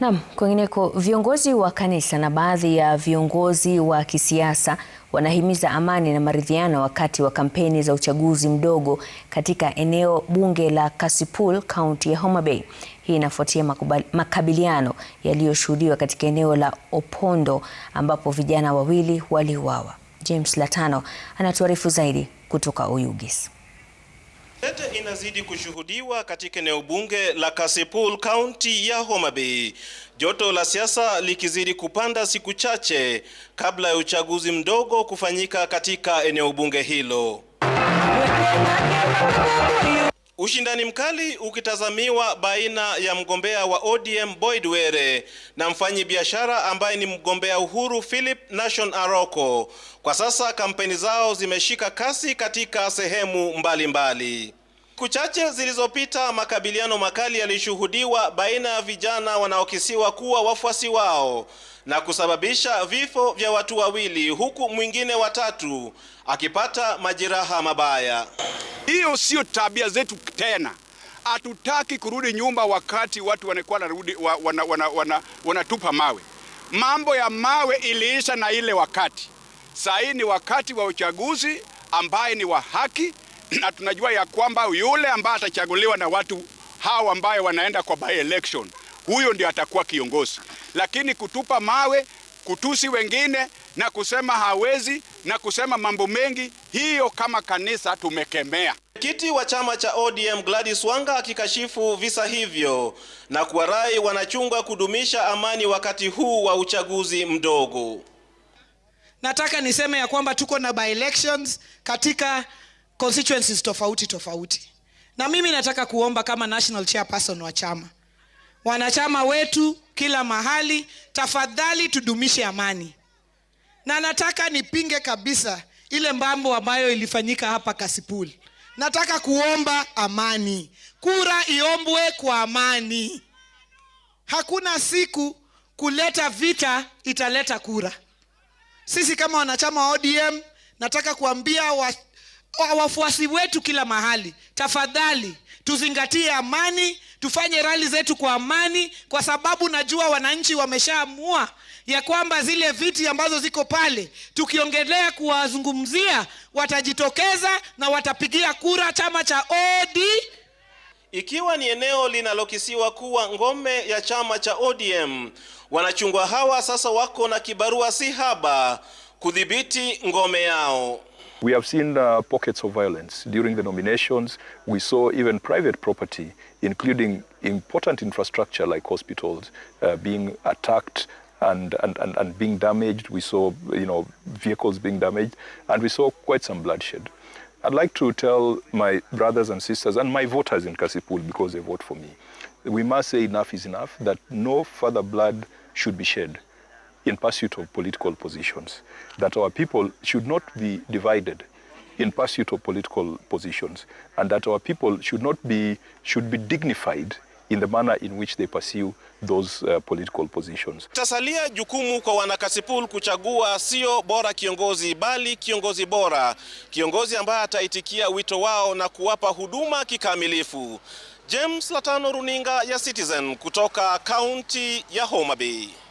Naam, kwingineko viongozi wa kanisa na baadhi ya viongozi wa kisiasa wanahimiza amani na maridhiano wakati wa kampeni za uchaguzi mdogo katika eneo bunge la Kasipul, kaunti ya Homa Bay. Hii inafuatia makabiliano yaliyoshuhudiwa katika eneo la Opondo ambapo vijana wawili waliuawa. James Latano anatuarifu zaidi kutoka Oyugis. Tete inazidi kushuhudiwa katika eneo bunge la Kasipul, kaunti ya Homa Bay, joto la siasa likizidi kupanda siku chache kabla ya uchaguzi mdogo kufanyika katika eneo bunge hilo. Ushindani mkali ukitazamiwa baina ya mgombea wa ODM Boyd Were na biashara ambaye ni mgombea uhuru Philip Nation Aroko. Kwa sasa kampeni zao zimeshika kasi katika sehemu mbalimbali. Siku chache zilizopita, makabiliano makali yalishuhudiwa baina ya vijana wanaokisiwa kuwa wafuasi wao na kusababisha vifo vya watu wawili huku mwingine watatu akipata majeraha mabaya. Hiyo sio tabia zetu tena. Hatutaki kurudi nyumba wakati watu wanakuwa wanarudi wanatupa wana, wana, wana mawe. Mambo ya mawe iliisha na ile wakati. Sahii ni wakati wa uchaguzi ambaye ni wa haki, na tunajua ya kwamba yule ambaye atachaguliwa na watu hao ambaye wanaenda kwa by election, huyo ndio atakuwa kiongozi. Lakini kutupa mawe kutusi wengine na kusema hawezi na kusema mambo mengi. Hiyo kama kanisa tumekemea. Mwenyekiti wa chama cha ODM Gladys Wanga akikashifu visa hivyo na kuwarai wanachungwa kudumisha amani wakati huu wa uchaguzi mdogo. Nataka niseme ya kwamba tuko na by elections katika constituencies tofauti tofauti, na mimi nataka kuomba kama national chairperson wa chama, wanachama wetu kila mahali tafadhali tudumishe amani, na nataka nipinge kabisa ile mambo ambayo ilifanyika hapa Kasipul. Nataka kuomba amani, kura iombwe kwa amani. Hakuna siku kuleta vita italeta kura. Sisi kama wanachama wa ODM nataka kuambia wa, kwa wafuasi wetu kila mahali tafadhali tuzingatie amani tufanye rali zetu kwa amani kwa sababu najua wananchi wameshaamua ya kwamba zile viti ambazo ziko pale tukiongelea kuwazungumzia watajitokeza na watapigia kura chama cha OD ikiwa ni eneo linalokisiwa kuwa ngome ya chama cha ODM wanachungwa hawa sasa wako na kibarua si haba kudhibiti ngome yao We have seen uh, pockets of violence during the nominations. We saw even private property, including important infrastructure like hospitals, uh, being attacked and, and, and, and being damaged. We saw you know, vehicles being damaged, and we saw quite some bloodshed. I'd like to tell my brothers and sisters and my voters in Kasipul because they vote for me. We must say enough is enough, that no further blood should be shed. in pursuit of political positions, that our people should not be divided in pursuit of political positions, and that our people should not be, should be dignified in the manner in which they pursue those uh, political positions. Tasalia jukumu kwa wanakasipul kuchagua sio bora kiongozi bali kiongozi bora, kiongozi ambaye ataitikia wito wao na kuwapa huduma kikamilifu. James Latano, runinga ya Citizen kutoka kaunti ya Homa Bay.